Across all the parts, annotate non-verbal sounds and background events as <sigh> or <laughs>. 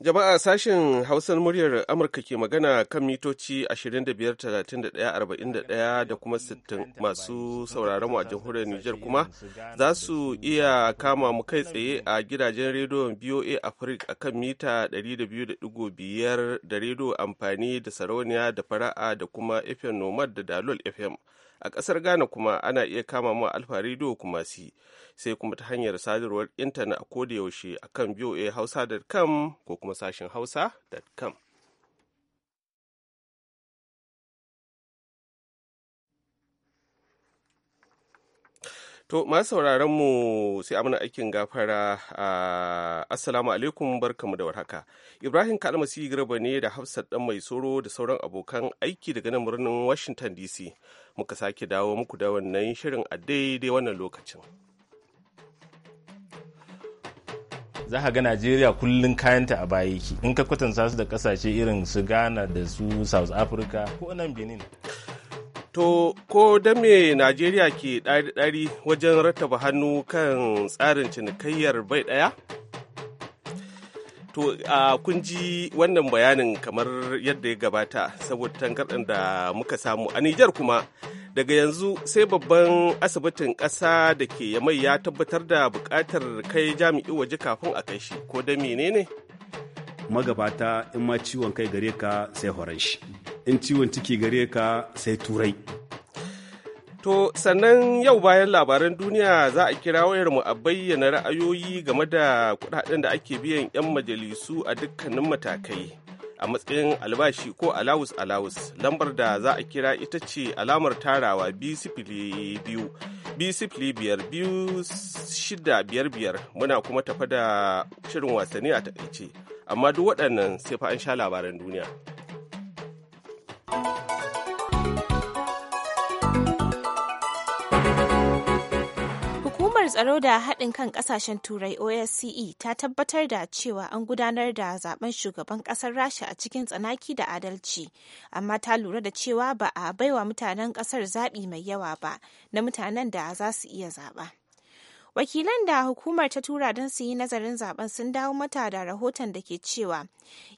Jama'a sashen Hausar muryar Amurka ke magana kan mitoci 25,31,41 da kuma 60 masu sauraron a jamhuriyar Nijar kuma za su iya kama mu kai tsaye a gidajen rediyon BOA Africa a kan mita 200.5 da rediyo amfani da sarauniya da fara'a da kuma FM Nomad da Dalol FM. A ƙasar Ghana kuma ana iya kama mu Alfa rediyo kuma si. sai kuma ta hanyar sadarwar intanet a kodayaushe a kan voahausa.com ko kuma sashen hausa.com. To, masu sauraron mu sai amina aikin gafara a Assalamu alaikum barkamu da warhaka. Ibrahim Kalmasi Garba ne da Hafsat dan mai soro da sauran abokan aiki daga nan birnin Washington DC. Muka sake dawo muku da wannan shirin a daidai wannan lokacin. za ka ga najeriya kullum kayanta a baya yake in ka kwatanta su da kasashe irin su ghana da su south africa ko nan benin To, ko da me Najeriya ke ɗari-ɗari wajen rattaba hannu kan tsarin cinikayyar bai ɗaya? To a kun ji wannan bayanin kamar yadda ya gabata saboda tangarɗin da muka samu a Nijar kuma daga yanzu sai babban asibitin ƙasa da ke yamai ya tabbatar da buƙatar kai jami'i waje kafin a kai shi ko da menene? Magabata in ma ciwon kai gare ka sai horon shi, in ciwon ciki gare ka sai turai. To sannan yau bayan labaran duniya za a kira wayarmu a bayyana ra'ayoyi game da kudaden da ake biyan 'yan majalisu a dukkanin matakai a matsayin albashi ko alawus alawus lambar da za a kira ita ce alamar tarawa biyu biyar biyu shida biyar biyar muna kuma tafa da shirin wasanni a takaice amma duk waɗannan sai fa an sha labaran duniya. tsaro da haɗin kan ƙasashen Turai OSCE ta tabbatar da cewa an gudanar da zaben shugaban ƙasar Rasha a cikin tsanaki da adalci, amma ta lura da cewa ba a baiwa mutanen ƙasar zaɓi mai yawa ba na mutanen da za su iya zaɓa. wakilan da hukumar ta tura don su yi nazarin zaben sun dawo mata da rahoton da ke cewa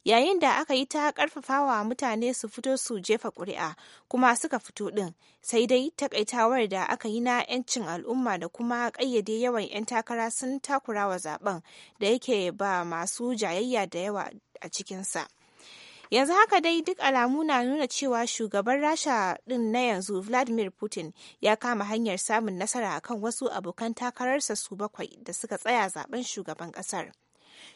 yayin da aka yi ta karfafawa mutane su fito su jefa kuri'a kuma suka fito din sai dai takaitawar da aka yi na 'yancin al'umma da kuma kayyade yawan 'yan takara sun takurawa zaben da yake ba masu jayayya da yawa a cikinsa. yanzu haka dai duk alamu na nuna cewa shugaban rasha din na yanzu vladimir putin ya kama hanyar samun nasara a kan wasu abokan takararsa su bakwai da suka tsaya zaben shugaban kasar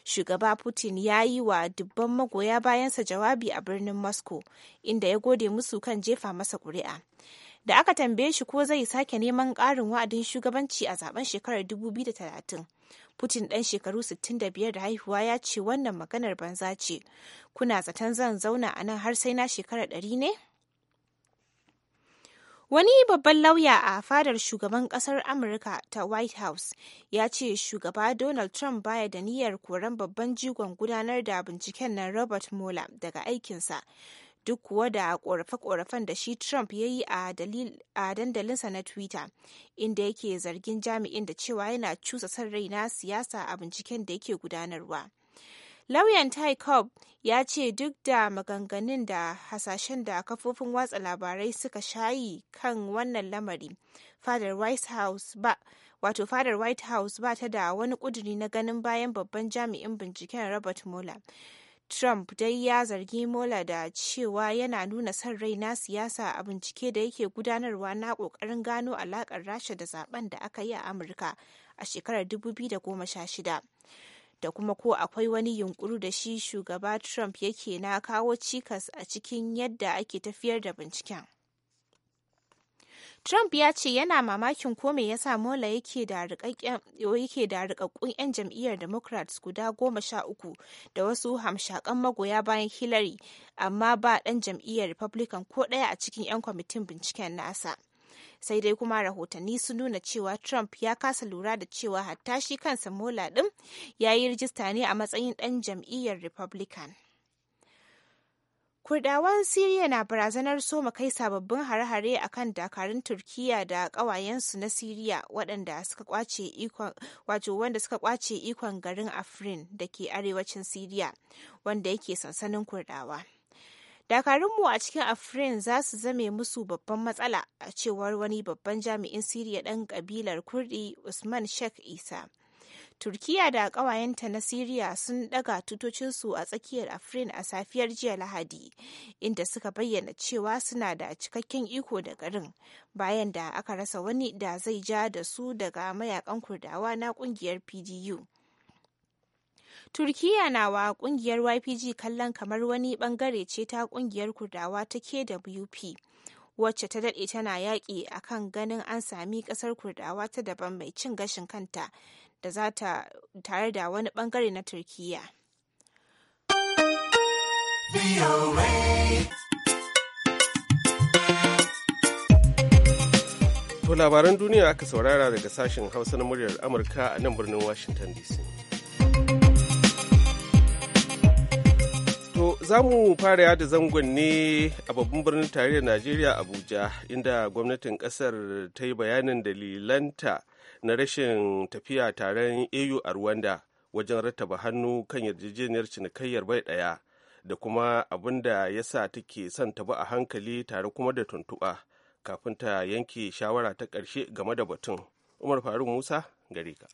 shugaba putin ya yi wa dubban magoya bayansa jawabi a birnin moscow inda ya gode musu kan jefa masa kuri'a da aka tambaye shi ko zai sake neman ƙarin wa'adin shugabanci a zaben shekarar 2030 Putin ɗan shekaru 65 da haihuwa ya ce wannan maganar banza ce. Kuna zaton zan zauna a nan har sai na shekara ɗari ne? Wani babban lauya a fadar shugaban kasar Amurka ta White House ya ce shugaba Donald Trump baya da niyyar koran babban jigon gudanar da binciken na Robert Mueller daga aikinsa duk kuwa da korafe-korafen da shi Trump ya yi a dandalinsa na Twitter, inda yake zargin jami'in da cewa yana cusa san rai na siyasa a binciken da yake gudanarwa. Lauyan Ty Cobb ya ce duk da maganganun da hasashen da kafofin watsa labarai suka shayi kan wannan lamari, fadar White House ba wato fadar white house ba ta da wani kuduri na ganin bayan babban jami'in binciken robert mueller Trump dai ya zargi Mola da cewa yana nuna son rai na siyasa a bincike da yake gudanarwa na ƙoƙarin gano alaƙar Rasha da zaben da aka yi a Amurka a shekarar 2016. Da kuma ko akwai wani yunkuru da shi shugaba Trump yake na kawo cikas a cikin yadda ake tafiyar da binciken. Trump ya ce yana mamakin ko me yasa Mola yake da rikakkun 'yan jam'iyyar Democrats guda goma sha uku da wasu hamshakan magoya bayan Hillary, amma ba ɗan jam'iyyar Republican ko ɗaya a cikin 'yan kwamitin binciken nasa. sai dai kuma rahotanni sun nuna cewa trump ya kasa lura da cewa hatta shi kansa mola ɗin ya yi rijista ne a matsayin ɗan jam'iyyar republican Kurdawan Siriya na barazanar soma kai sababbin hare-hare a kan dakarun Turkiyya da ƙawayensu na Siriya waɗanda suka kwace ikon wato wanda suka kwace ikon garin Afrin da ke arewacin Siriya wanda yake sansanin Kurdawa. Dakarunmu a cikin Afrin za su zame musu babban matsala a cewar wani babban jami'in Siriya ɗan ƙabilar Kurdi Usman Sheikh Isa. Turkiya da ƙawayenta na Siriya sun daga tutocinsu a tsakiyar Afrin a safiyar jiya Lahadi, inda suka bayyana cewa suna da cikakken iko da garin bayan da aka rasa wani da zai ja da su daga mayakan kurdawa na kungiyar PDU. Turkiya na wa ƙungiyar YPG kallon kamar wani bangare ce ta kungiyar kurdawa ta KWP. wacce ta daɗe tana yaƙi a kan ganin an sami ƙasar kurdawa ta daban mai cin gashin kanta da za ta tare da wani bangare na turkiya To labaran duniya aka saurara daga sashen hausa na muryar amurka a nan birnin washington dc To za mu fara yada zangon ne a babban birnin tarayyar Najeriya Abuja inda gwamnatin kasar ta yi bayanin dalilanta na rashin tafiya taron au a rwanda wajen rattaba hannu kan yarjejeniyar cinikayyar bai ɗaya da kuma abin da ya sa take son ta bi a hankali tare kuma da tuntuɓa kafin ta yanke shawara ta ƙarshe game da batun umar faruk musa gare ka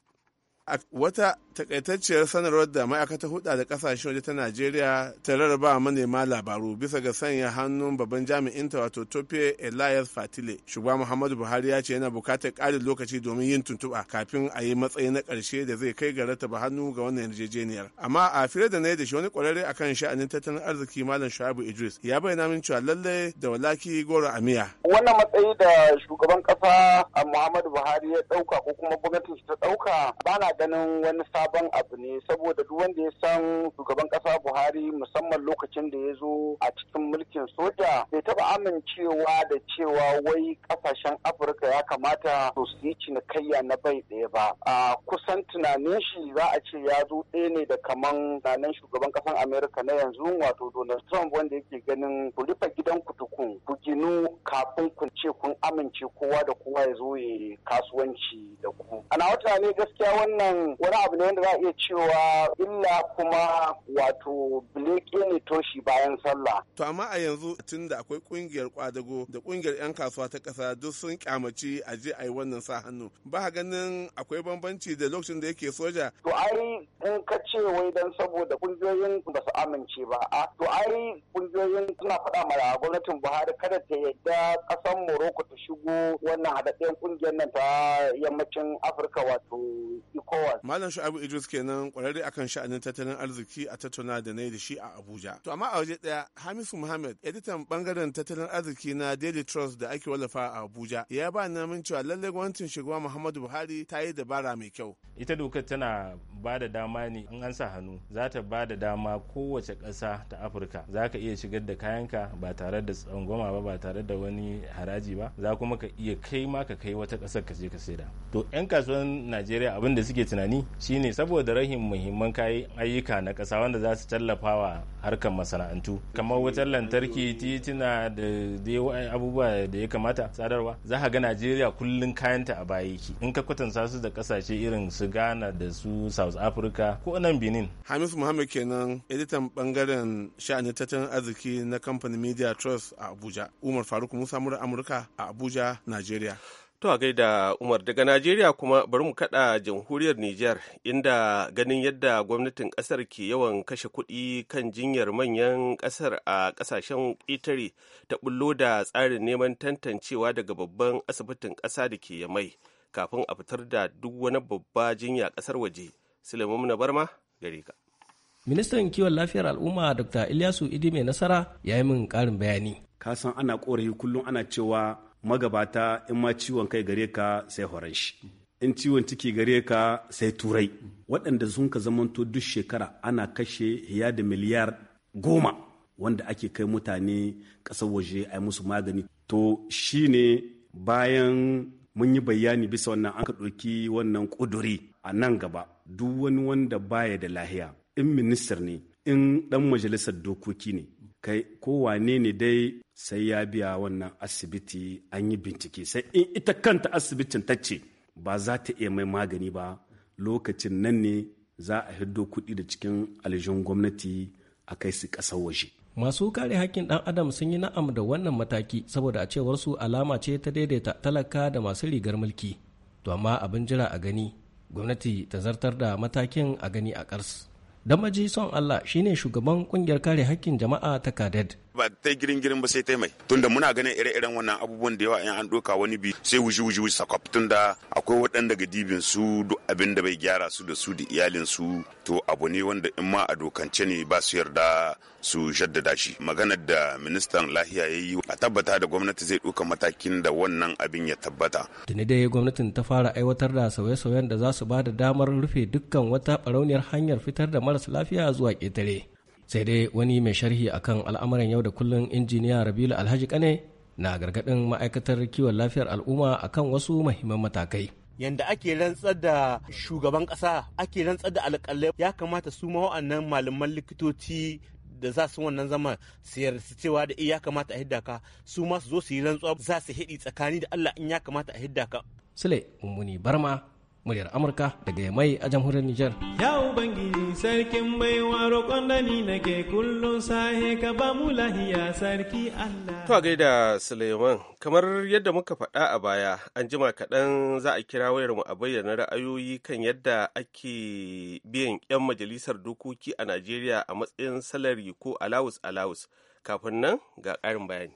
wata takaitacciyar sanarwar da ma'aikatar hudu da kasashen waje ta najeriya ta rarraba manema labaru bisa ga sanya hannun babban jami'in ta wato tope elias fatile shugaba muhammadu buhari ya ce yana bukatar ƙarin lokaci domin yin tuntuɓa kafin a yi matsayi na ƙarshe da zai kai ga rattaba hannu ga wannan yarjejeniyar amma a fira da na yi da shi wani ƙwararre akan sha'anin tattalin arziki malam shu'abu idris ya bayyana min cewa lallai da walaki goro a miya. wannan matsayi da shugaban ƙasa muhammadu buhari ya ɗauka ko kuma gwamnatin ta ɗauka ba ganin wani sabon abu ne saboda duk wanda ya san shugaban kasa Buhari musamman lokacin da ya zo a cikin mulkin soja bai taba amincewa da cewa wai kasashen Afirka ya kamata su yi cinikayya na bai ɗaya ba. A kusan tunanin shi za a ce ya zo ɗaya ne da kaman tunanin shugaban kasan Amerika na yanzu wato Donald Trump wanda yake ganin ku rufe gidan kutukun ku ginu kafin ku ce kun amince kowa da kowa ya zo ya kasuwanci da ku. Ana wata ne gaskiya wannan wannan wani abu ne wanda za a iya cewa illa kuma wato bileke ne toshi bayan sallah. To amma a yanzu tun da akwai kungiyar kwadago da kungiyar 'yan kasuwa ta kasa duk sun kyamaci a je a yi wannan sa hannu. Ba ganin akwai bambanci da lokacin da yake soja. To ai in ka ce wai dan saboda kungiyoyin ba su amince ba. A to ai kungiyoyin suna faɗa mara gwamnatin Buhari kada ta yadda ƙasar Morocco ta shigo wannan haɗaɗɗen kungiyar nan ta yammacin Afirka wato ECOWAS. Malam Shu'abu Idris kenan kwararre akan sha'anin tattalin arziki a tattauna da na yi da shi a Abuja. To amma a waje ɗaya Hamisu Muhammad editan bangaren tattalin arziki na Daily Trust da ake wallafa a Abuja ya ba namin cewa lallai gwamnatin shugaba Muhammadu Buhari ta yi dabara mai kyau. Ita dokar tana ba da dama ne in an sa hannu za ta ba da dama kowace ƙasa ta Afirka za ka iya shigar da kayanka ba tare da tsangwama ba ba tare da wani haraji ba za kuma ka iya kai ma ka kai wata ƙasar ka je ka saida. To 'yan kasuwan Najeriya abin da suke nake tunani ne saboda rahin muhimman kayan ayyuka na kasa wanda za su tallafa wa harkar masana'antu kamar wutar lantarki tituna da dai abubuwa da ya kamata sadarwa za ka ga najeriya kullum kayanta a baya yake in ka kwatanta su da kasashe irin su ghana da su south africa ko nan benin hamis muhammad kenan editan bangaren sha'anin tattalin arziki na kamfanin media trust a abuja umar faruk musa mura amurka a abuja nigeria. To a gaida Umar daga Najeriya kuma bari mu kada jamhuriyar Nijar inda ganin yadda gwamnatin kasar ke yawan kashe kuɗi kan jinyar manyan kasar a kasashen ƙetare ta bullo da tsarin neman tantancewa daga babban asibitin ƙasa da ke yamai kafin a fitar da duk wani babba jinya ƙasar waje. -suleiman Barma gare Ministan kiwon lafiyar al'umma Dr. Ilyasu Idi mai nasara ya yi min ƙarin bayani. kasan ana ƙorafi kullum ana cewa magabata in ma ciwon kai gare ka sai horon shi in ciwon ciki gare ka sai turai waɗanda sun ka zamanto duk shekara ana kashe ya da miliyar goma wanda ake kai mutane ƙasar waje a musu magani to shi ne bayan mun yi bayani bisa wannan an ka ɗauki wannan ƙuduri a nan gaba duk wani wanda baya da lahiya in ministar ne in ɗan majalisar dokoki ne kai kowane ne dai sai ya biya wannan asibiti an yi bincike sai in ita kanta asibitin ta ce ba za ta iya mai magani ba lokacin nan ne za a hiddo kuɗi da cikin aljihun gwamnati a kai su ƙasar waje masu kare hakkin ɗan adam sun yi na'am da wannan mataki saboda a cewar su alama ce ta daidaita talaka da masu rigar mulki to amma abin jira a gani gwamnati ta zartar da matakin a gani a ƙarsu Damaji son Allah shine shugaban kungiyar kare hakkin jama'a ta Kaded ba ta girin girin ba sai ta mai tunda muna ganin ire-iren wannan abubuwan da yawa in an doka wani bi sai wuji wuji wuji sakwaf tunda akwai waɗanda ga dibin su duk abin da bai gyara su da su da iyalin su to abu ne wanda in ma a dokance ne ba su yarda su jaddada shi maganar da ministan lahiya ya yi a tabbata da gwamnati zai ɗauka matakin da wannan abin ya tabbata tuni dai gwamnatin ta fara aiwatar da sauye-sauyen da za su ba da damar rufe dukkan wata barauniyar hanyar fitar da maras lafiya zuwa ƙetare sai dai wani mai sharhi akan al'amuran yau da kullum injiniya rabilu alhaji kane na gargaɗin ma'aikatar kiwon lafiyar al'umma akan wasu mahimman matakai yanda ake rantsar da shugaban ƙasa ake rantsar da alƙalai ya kamata su ma wa'annan malaman likitoci da za su wannan zama su cewa da eh, ya kamata a hidda ka su ma su zo su yi rantsuwa za su hidi tsakani da Allah in ya kamata a hidda ka. Sule Mummuni Barma muryar amurka daga yamai a jamhuriyar niger ya ubangiji sarkin baiwa roƙon da ni nake kullum sahe ka ba mu lahiya sarki allah to gaida suleiman kamar yadda muka faɗa a baya an jima kaɗan za a kira wayar mu a bayyana ra'ayoyi kan yadda ake biyan 'yan majalisar dokoki a najeriya a matsayin salari ko alawus alawus kafin nan ga ƙarin bayani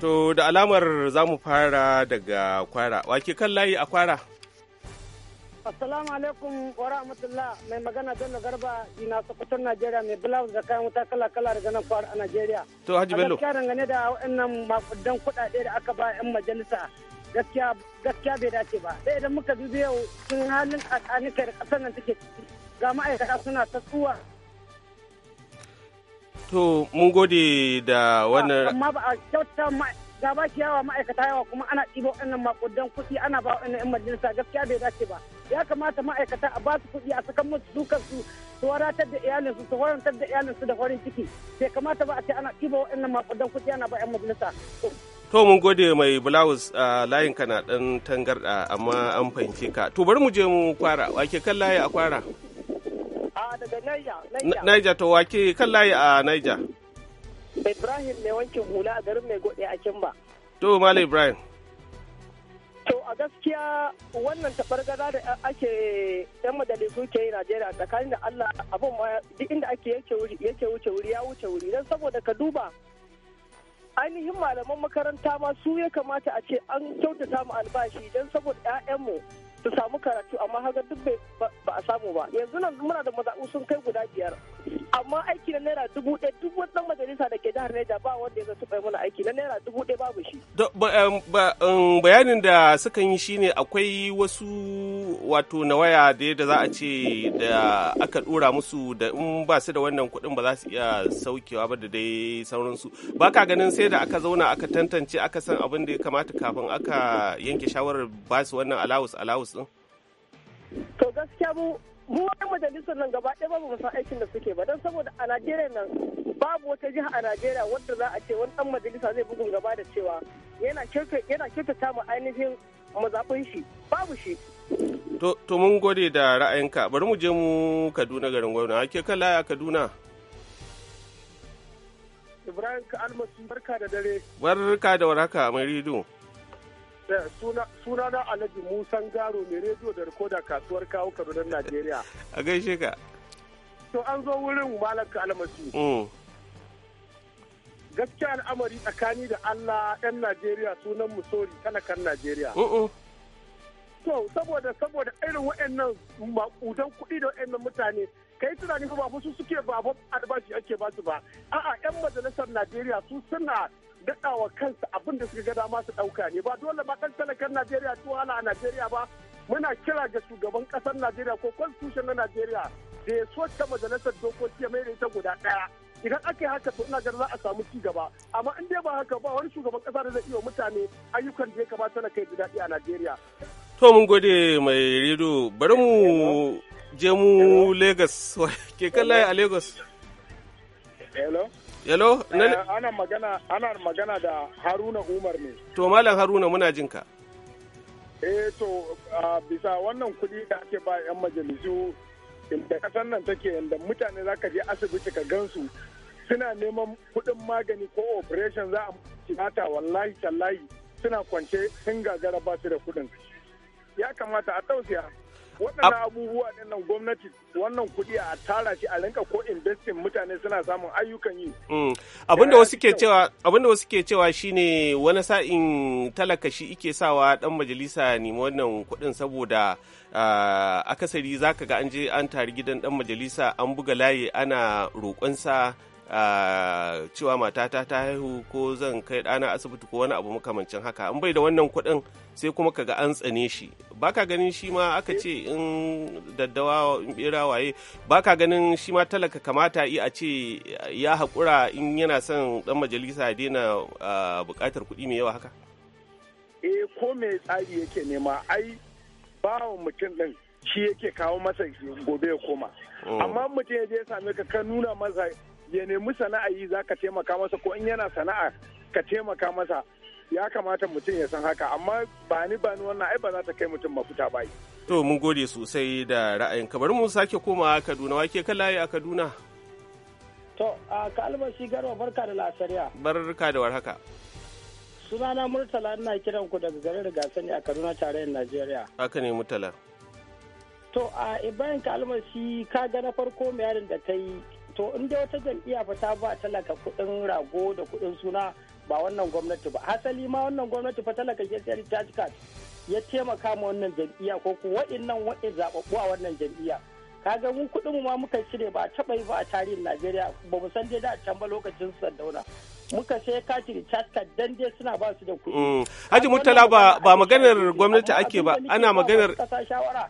To da alamar za mu fara daga kwara. Wake kan layi a kwara? Assalamu alaikum wa rahmatullah mai magana Bello Garba ina Sokoton Najeriya mai blouse da kayan wuta kala kala daga nan kwara a Najeriya. To Haji Bello. Gaskiya dangane da waɗannan makudan kuɗaɗe da aka ba 'yan majalisa gaskiya bai dace ba. Sai idan muka dubi yau sun halin kai da ƙasar nan take ciki ga ma'aikata suna ta tsuwa To mun gode da wannan. Amma ba a kyauta gaba ki yawa ma'aikata yawa kuma ana ɗibo wannan makudan kuɗi ana ba wa ɗan majalisa gaskiya bai dace ba. Ya kamata ma'aikata a ba su kuɗi a sakan musu dukan su su waratar da iyalinsu su warantar da iyalinsu da farin ciki. Bai kamata ba a ce ana ɗibo wannan makudan kuɗi ana ba ɗan majalisa. To mun gode mai blouse a layin kana ɗan tangarɗa amma an fahimce ka. To bari mu je mu kwara wake kan layi a kwara. da naija Niger to wake kan layi a naija. Ibrahim mai wankin hula a garin mai gode a Kimba. To Malam Ibrahim. To a gaskiya wannan tabargaza da ake yan majalisu ke yi Najeriya tsakanin da Allah abin ma duk inda ake yake wuce wuri ya wuce wuri don saboda ka duba ainihin malaman makaranta ma su ya kamata a ce an kyautata mu albashi don saboda 'ya'yanmu su samu karatu amma haka duk ba a samu ba yanzu nan muna da mazaɓu sun kai guda biyar amma aiki na naira dubu ɗaya duk wani ɗan majalisa da ke jihar Neja ba wanda ya taɓa mana aiki na naira dubu ɗaya babu shi. bayanin da suka yi shine akwai wasu wato na waya da yadda za a ce da aka ɗora musu da in ba su da wannan kuɗin ba za su iya saukewa ba da dai sauransu ba ka ganin sai da aka zauna aka tantance aka san abin da ya kamata kafin aka yanke shawarar ba su wannan alawus alawus House ɗin? To gaskiya mu mu wani majalisar nan gaba ɗaya babu san aikin da suke ba don saboda a Najeriya nan babu wata jiha a Najeriya wadda za a ce wani ɗan majalisa zai bugun gaba da cewa yana kyautata mu ainihin mazaɓin shi babu shi. To mun gode da ra'ayinka bari mu je mu Kaduna garin gwamna a kala kalaya Kaduna. Ibrahim Almasu barka da dare. Barka da warhaka mai rido. sunana na alhaji musan garo mai rediyo da rikoda kasuwar kawo kaduna najeriya <laughs> a gaishe ka to an zo wurin malaka almasi oh. gaskiya al'amari tsakani da allah yan najeriya sunan musori talakan najeriya oh, oh. to saboda saboda irin waɗannan makudan kuɗi da waɗannan mutane kai tunani ba su suke ba albashi ake ba su ba a'a yan majalisar najeriya su suna daɗa wa kansu abin da suka ga dama su ɗauka ne ba dole ba ɗan talakan najeriya ci wahala a najeriya ba muna kira ga shugaban ƙasar najeriya ko constitution na najeriya da ya so ta majalisar dokoki ya mai da ita guda ɗaya idan aka haka to ina ganin za a samu ci gaba amma in dai ba haka ba wani shugaban ƙasa da zai iya mutane ayyukan da ya kamata na kai daɗi a najeriya. to mun gode mai rido bari mu je mu lagos <laughs> ke kan layi a lagos. Yalo? Eh, ana magana, ana magana da Haruna Umar ne. To, Malam Haruna muna jinka. ka. Eh, to, bisa wannan kuɗi da ake ba 'yan majalisu inda ƙasar nan take inda mutane za ka je asibiti ka gansu suna neman kuɗin magani ko operation za a cinata wallahi tallahi suna kwance sun gagara ba su da kuɗin. Ya kamata a tausiya waɗannan abubuwa ɗin nan gwamnati wannan kuɗi a tara shi a rinka ko investin mutane suna samun ayyukan yi. Mm. Abinda wasu ke cewa abinda wasu shine wani sa'in talaka shi ike sawa ɗan majalisa nemi wannan kuɗin saboda ah, akasari zaka ga an je an tari gidan ɗan majalisa an buga layi ana roƙonsa cewa matata ta haihu ko zan kai ɗana asibiti ko wani abu makamancin haka in bai da wannan kuɗin sai kuma kaga an tsane shi Ba ka ganin shi ma aka ce in daddawa in bera waye Ba ka ganin shi ma talaka kamata a ce ya haƙura in yana son ɗan majalisa ya daina buƙatar kuɗi mai yawa haka eh ko me tsari yake nema ai bawa mutum ɗin shi yake kawo masa gobe ya koma mm. amma mutum ya je ya same ka ka nuna masa ya nemi sana'a yi za ka taimaka masa ko in yana sana'a ka taimaka masa ya kamata mutum ya san haka amma ba ni ba ni wannan ai ba za ta kai mutum mafuta ba to mun gode sosai da ra'ayin ka bari mu sake koma a Kaduna wake layi a Kaduna to a ka albashi garba barka da lasariya barka da warhaka sunana Murtala ina kiran ku daga garin rigasani a Kaduna tarayyar Najeriya haka ne Murtala to a Ibrahim ka shi ka ga na farko mai yarin da yi. so in dai wata jam'iyya fa ta ba talaka kudin rago da kudin suna ba wannan gwamnati ba hasali ma wannan gwamnati fa talaka ke tsari ta jika ya taimaka ma wannan jam'iyya ko ku wa'innan wa'i zababbu a wannan jam'iyya kaga mun kudin mu ma muka cire ba taɓa yi ba a tarihin Najeriya ba mu san dai da can ba lokacin Sardauna muka sai katin chatka dan dai suna ba su da kuɗi. Mm. Haji Murtala ba ba maganar gwamnati ake ba ana maganar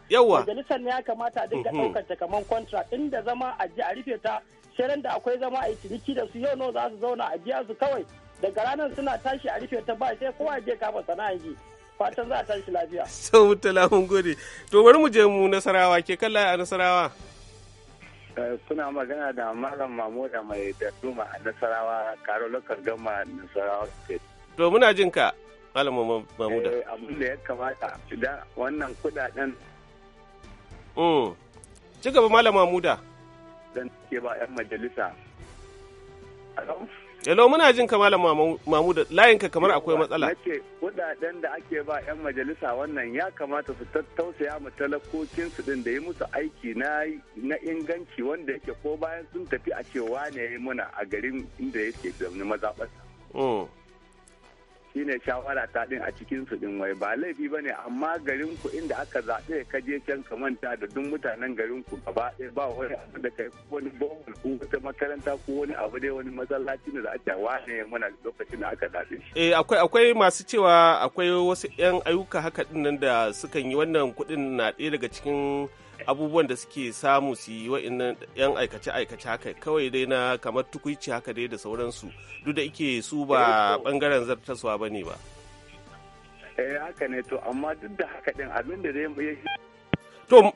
yawa majalisar ne ya kamata a dinga mm-hmm. ɗaukar ta kaman contract inda zama a ji a rufe ta shirin da akwai zama a ciniki da su yau nawa za su zauna a biya su kawai daga ranar suna tashi a rufe ta ba sai kowa je kafa sana'a yi fatan za a tashi lafiya. <laughs> Sau mun gode. To bari mu je mu nasarawa ke kalla a nasarawa. Eh, suna magana da Malam Mamuda mai duma a nasarawa karo lokar gama nasarawa state. To muna jin ka Malam Mamuda. Eh, abin da ya kamata idan wannan kudaden. Mm. Ci gaba Malam Mamuda. dan ke ba 'yan majalisa. Hello muna jin ka malam mamu da layinka kamar akwai matsala. Nace kudaden da ake ba 'yan majalisa wannan ya kamata su tattausaya ma talakokin su din da yi musu aiki na na inganci wanda yake ko bayan sun tafi a cewa ne yayi muna a garin inda yake da mazaɓarsa. Mm. shine shawara ta din a cikin su din wai ba laifi ba ne amma garin ku inda aka zaɓe ka je can ka manta da duk mutanen garin ku gaba ɗaya ba wani abu da kai wani bohol ko wata makaranta ko wani abu dai wani masallaci da aka wane muna lokacin da aka zaɓe. Eh akwai akwai masu cewa akwai wasu 'yan ayyuka haka dinnan da sukan yi wannan kuɗin na ɗaya daga cikin abubuwan da suke samu su yi wa'annan yan aikace aikace haka kawai dai na kamar tukuici haka dai da sauransu duk da ike su ba bangaren eh, zartaswa ba ne ba eh, haka ne to amma duk da haka din abin da zai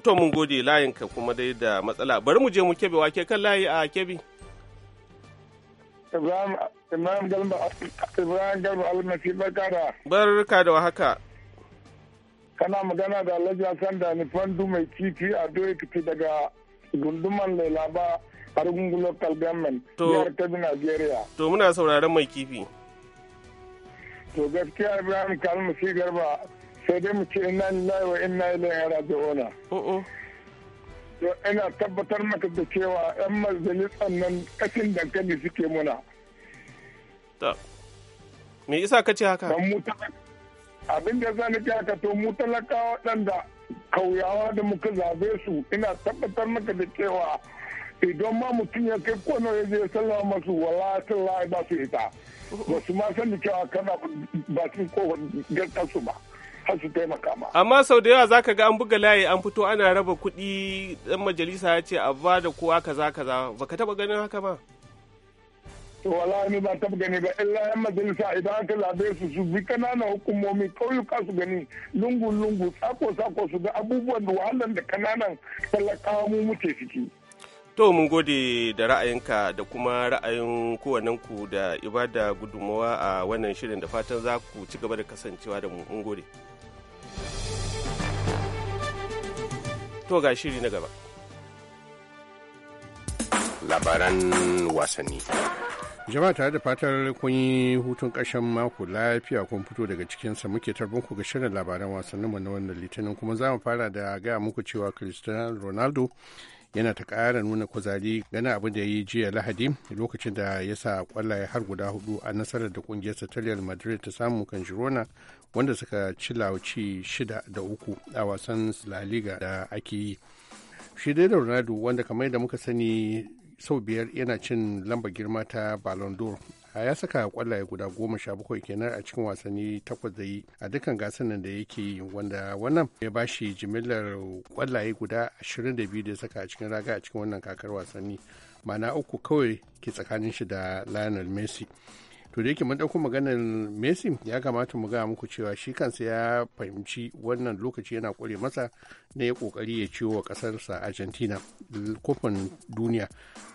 to mun gode ka kuma dai da matsala bari mu je mu kebe wake kan layi a kebi Ibrahim Ibrahim Galba Ibrahim Galba Almasi barka da barka da haka kana magana da alhaji hassan da nufandu mai kifi a doyekiti daga gundumar ba a local government jihar kebbi nigeria to muna sauraron mai kifi to gaskiya ibrahim kalmu shi garba sai dai mu ce ina lillahi wa inna ilaihi ona. to ina tabbatar maka da cewa yan majalisar nan kashin dankali suke muna me isa ka ce haka abin da zan ka ka to mu talaka waɗanda kauyawa da muka zabe su ina tabbatar maka da cewa idan ma mutum ya kai kwano ya je sallama masu wala sallah ba su ita ba su ma sani cewa kana ba su ko gaskar su ba har su taimaka ma. Amma sau da yawa zaka ga an buga layi an fito ana raba kuɗi dan majalisa ya ce a ba da kowa kaza kaza baka taba ganin haka ba. wala ni ba taɓa gani ba illa yan majalisa idan aka zaɓe su su bi kananan hukumomi ƙauyuka su gani lungu-lungu sako-sako su ga abubuwan da wahalar da kananan talakawa mu muke ciki. To mun gode da ra'ayinka da kuma ra'ayin ku da ibada gudunmawa a wannan shirin da fatan za ku ci gaba da kasancewa da mu mun gode. To ga shiri na gaba. Labaran wasanni. jama'a tare da fatar kun yi hutun ƙarshen mako lafiya kun fito daga cikinsa muke tarbin ku ga shirin labaran wasannin mu na wannan litinin kuma za mu fara da gaya muku cewa cristiano ronaldo yana ta ƙara nuna kuzari gana abin da ya yi jiya lahadi lokacin da ya sa kwallaye har guda hudu a nasarar da ƙungiyarsa ta real madrid ta samu kan girona wanda suka ci lauci shida da uku a wasan la liga da ake yi shi da ronaldo wanda kamar da muka sani sau biyar yana cin lamba girma ta Ballon d'Or. A ya saka kwallaye guda goma sha bakwai kenan a cikin wasanni takwas da yi a dukkan gasannin da yake yi wanda wannan ya ba shi jimillar kwallaye guda ashirin da biyu da ya saka a cikin raga a cikin wannan kakar wasanni. Ma'ana uku kawai ke tsakanin shi da Lionel Messi. to da yake mun ɗauko maganar messi ya kamata mu gaya muku cewa shi kansa ya fahimci wannan lokaci yana kure masa na ya kokari ya ciwo ƙasarsa argentina kofin duniya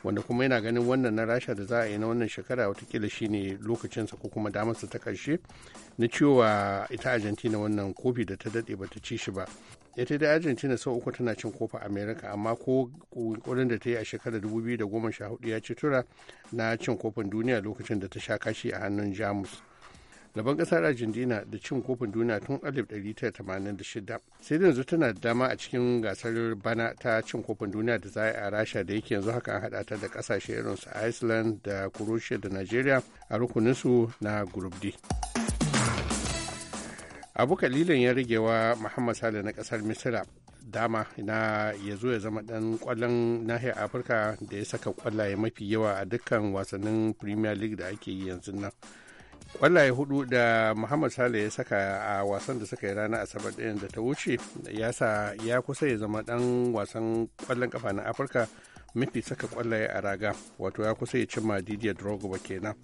wanda kuma yana ganin wannan na rasha da za a yi na wannan shekara watakila ne lokacinsa ko kuma damarsa ta karshe na ciwo ita argentina wannan kofi da ta daɗe bata ci shi ba ita da argentina sau uku tana cin kofa america amma ko kokarin da ta yi a shekarar 2014 ya ci tura na cin kofin duniya lokacin da ta sha kashi a hannun jamus laban kasar argentina da cin kofin duniya tun 1986 sai yanzu tana da dama a cikin gasar bana ta cin kofin duniya da za a rasha da yake yanzu haka an hada ta da kasashe irin su iceland da croatia da nigeria a rukuninsu na group d abu kalilan ya rage wa muhammad sale na kasar misira dama na ya zo ya zama dan kwallon nahiyar afirka da ya saka kwallaye mafi yawa a dukkan wasannin premier league da ake yi yanzu nan kwallaye hudu da muhammad sale ya saka a wasan da suka yi rana asabar ɗayan da ta wuce ya sa ya kusa ya zama dan wasan kwallon kafa na afirka mafi saka kwallaye a raga wato ya kusa ya cimma didier drogba kenan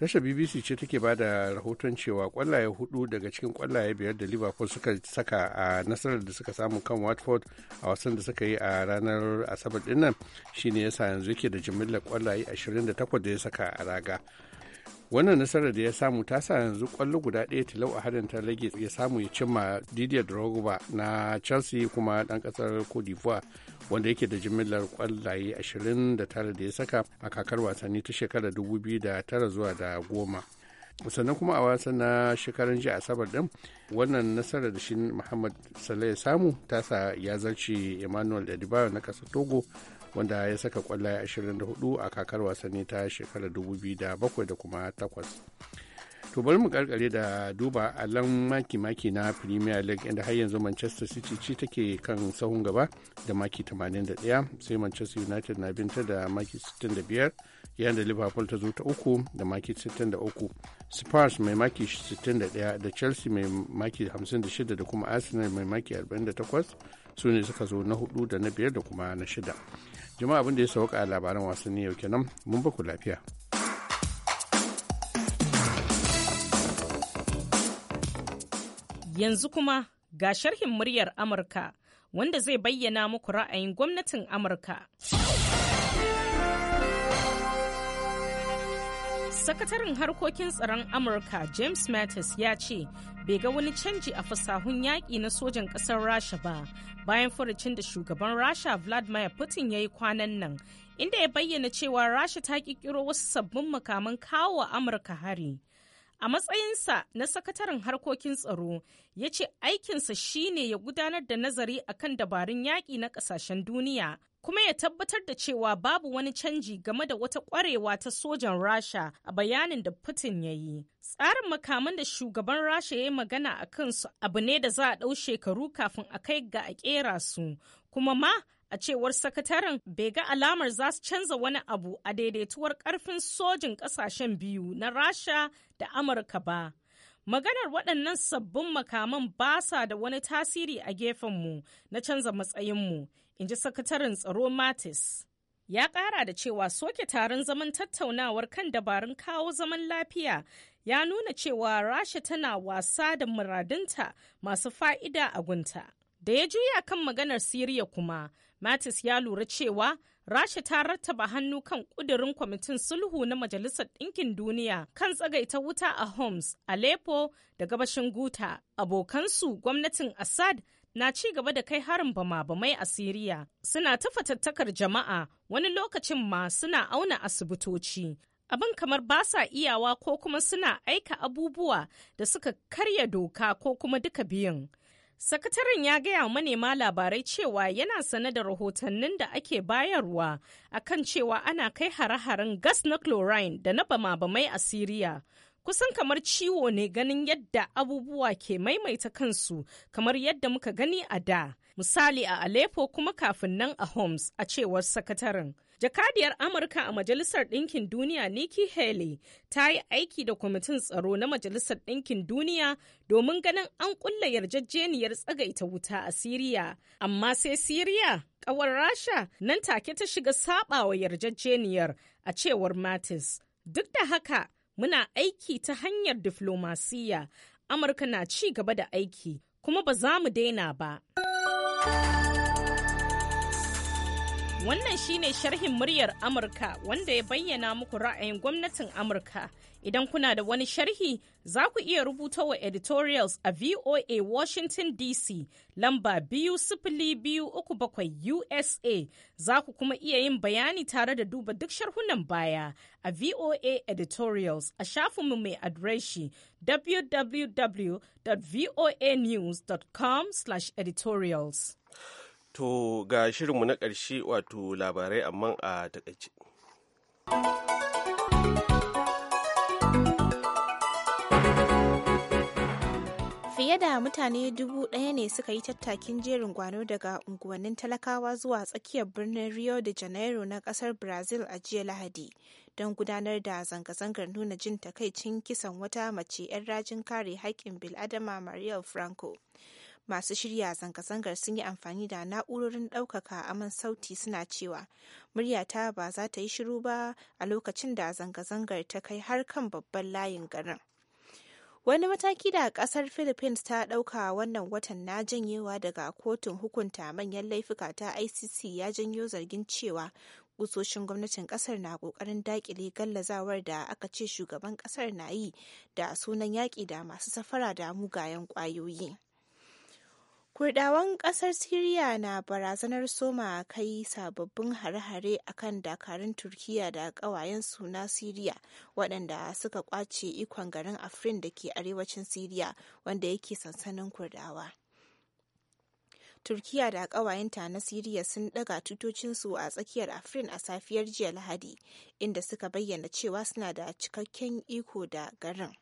tashar bbc ce take ba da rahoton cewa kwallaye hudu daga cikin kwallaye biyar da liverpool suka saka a nasarar da suka samu kan watford a wasan da suka yi a ranar asabar dinnan shine yasa yanzu yake da jimillar kwallaye 28 da ya saka a raga wannan nasarar da ya samu ta sa yanzu kwallo guda ɗaya tilau a harin ta lage ya samu ya cimma didier drogba na chelsea kuma ɗan ƙasar cote d'ivoire wanda yake da jimillar kwallaye 29 da ya saka a kakar wasanni ta shekarar 2009 zuwa da goma. sannan kuma a wasan na shekaran jiya asabar din wannan nasarar da shi muhammad saleh ya samu ta sa ya zarce emmanuel adibayo na kasar togo wanda ya saka kwallaye 24 a kakar wasanni ta shekarar 2007 da kuma 8 to bari mu karkare da duba alan maki-maki na premier league inda har yanzu manchester city ce take kan sahun gaba da maki 81 sai manchester united na binta da maki 65 yayin da liverpool ta zo ta uku da maki 63 spurs mai maki 61 da chelsea mai maki 56 da kuma arsenal mai maki 48 su ne suka zo na hudu da na biyar da kuma na shida jama'a abin da ya sauka a labaran wasanni yau kenan mun ku lafiya yanzu kuma ga sharhin muryar amurka wanda zai bayyana muku ra'ayin gwamnatin amurka. sakataren harkokin tsaron amurka james mattis ya ce bai ga wani canji a fasahun yaƙi na sojan ƙasar rasha ba bayan furucin da shugaban rasha vladimir putin ya yi kwanan nan inda ya bayyana cewa rasha ta ƙirƙiro wasu sabbin makaman kawo wa amurka hari a matsayinsa na sakataren harkokin tsaro ya ce aikinsa shine ya gudanar da nazari akan dabarun yaƙi na ƙasashen duniya kuma ya tabbatar da cewa babu wani canji game da wata kwarewa ta sojan rasha a bayanin da putin ya yi tsarin makaman da shugaban rasha ya yi magana a kansu abu ne da za a ɗau shekaru kafin a kai ga a ƙera su kuma ma a cewar sakataren bai ga alamar za su canza wani abu a daidaituwar karfin sojin ƙasashen biyu na rasha da amurka ba maganar waɗannan sabbin makaman ba sa da wani tasiri a gefen mu na canza matsayinmu in ji sakataren tsaro Mattis. Ya ƙara da cewa soke taron zaman tattaunawar kan dabarun kawo zaman lafiya ya nuna cewa Rasha tana wasa da muradunta masu fa'ida a gunta. Da ya juya kan maganar Siriya kuma, Mattis ya lura cewa Rasha ta rattaba hannu kan ƙudurin kwamitin sulhu na Majalisar Ɗinkin Duniya kan tsagaita wuta a Homs, Aleppo da gabashin Guta. Abokansu gwamnatin Assad na ci gaba da kai harin bama-bamai a Siriya. Suna ta fatattakar jama'a wani lokacin ma suna auna asibitoci. Abin kamar ba sa iyawa ko kuma suna aika abubuwa da suka karya doka ko kuma duka biyun. Sakataren ya gaya manema labarai cewa yana sane da rahotannin da ake bayarwa akan cewa ana kai hare-haren gas na chlorine da na bama-bamai a Siriya. kusan kamar ciwo ne ganin yadda abubuwa ke maimaita kansu kamar yadda muka gani a da misali a Aleppo kuma kafin nan a Homs a cewar sakataren. Jakadiyar Amurka a Majalisar Ɗinkin Duniya Nikki Haley ta yi aiki da kwamitin tsaro na Majalisar Ɗinkin Duniya domin ganin an ƙulla yarjejeniyar tsagaita wuta a Siriya. Amma sai Siriya, ƙawar Rasha, nan take ta shiga wa yarjejeniyar a cewar Mattis. Duk da haka, muna aiki ta hanyar diflomasiya amurka na ci gaba da aiki kuma ba za mu daina ba. Wannan shine sharhin muryar Amurka wanda ya bayyana muku ra'ayin gwamnatin Amurka. Idan kuna da wani sharhi za ku iya rubuta wa editorials a VOA Washington DC lamba biyu sifili biyu uku bakwai USA za ku kuma iya yin bayani tare da duba duk sharhunan baya a VOA editorials a shafinmu mai adireshi www.voanews.com/editorials. To ga shirinmu na ƙarshe wato labarai amma a takaice. Fiye da mutane dubu ɗaya ne suka yi tattakin jerin gwano daga unguwannin talakawa zuwa tsakiyar birnin Rio de Janeiro na ƙasar Brazil a jiya Lahadi don gudanar da zanga-zangar nuna jin takaicin kisan wata mace 'yan rajin kare haƙƙin bil'adama Mariel Franco. masu shirya zanga-zangar sun yi amfani da na'urorin ɗaukaka aman sauti suna cewa muryata ba za ta yi shiru ba a lokacin da zanga-zangar ta kai har kan babban layin garin wani mataki da kasar philippines ta ɗauka wannan watan na janyewa daga kotun hukunta manyan laifuka ta icc ya janyo zargin cewa kusoshin gwamnatin kasar na kokarin dakile gallazawar da aka ce shugaban kasar na yi da sunan yaƙi da masu safara da mugayen ƙwayoyi. Kurdawan kasar Siriya na barazanar soma kai sababbin hare-hare a kan dakarun turkiya da ƙawayensu na Siriya waɗanda suka kwace ikon garin Afrin da ke arewacin Siriya wanda yake sansanin Kurdawa. Turkiya da ƙawayenta na Siriya sun ɗaga tutocinsu a tsakiyar Afrin a safiyar jiya Lahadi, inda suka bayyana cewa suna da cikakken iko da garin.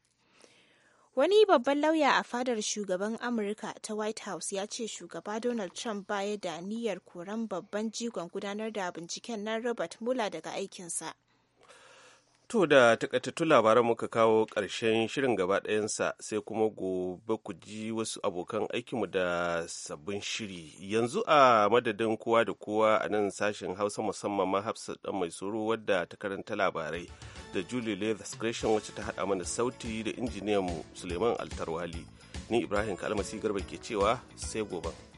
Wani babban lauya a fadar shugaban Amurka ta White House ya ce shugaba Donald Trump baya da niyyar koran babban jigon gudanar da binciken nan Robert Mueller daga aikinsa. To da takaitattun labaran muka kawo ƙarshen shirin gaba ɗayansa sai kuma gobe ku ji wasu abokan aikinmu da sabbin shiri. Yanzu a madadin kowa da kowa a nan sashen Hausa musamman ma hafsa ɗan mai tsoro wadda ta karanta labarai da Julie Leathers Gresham wacce ta haɗa mana sauti da injiniyanmu Suleiman Altarwali. Ni Ibrahim Kalmasi Garba ke cewa sai gobe.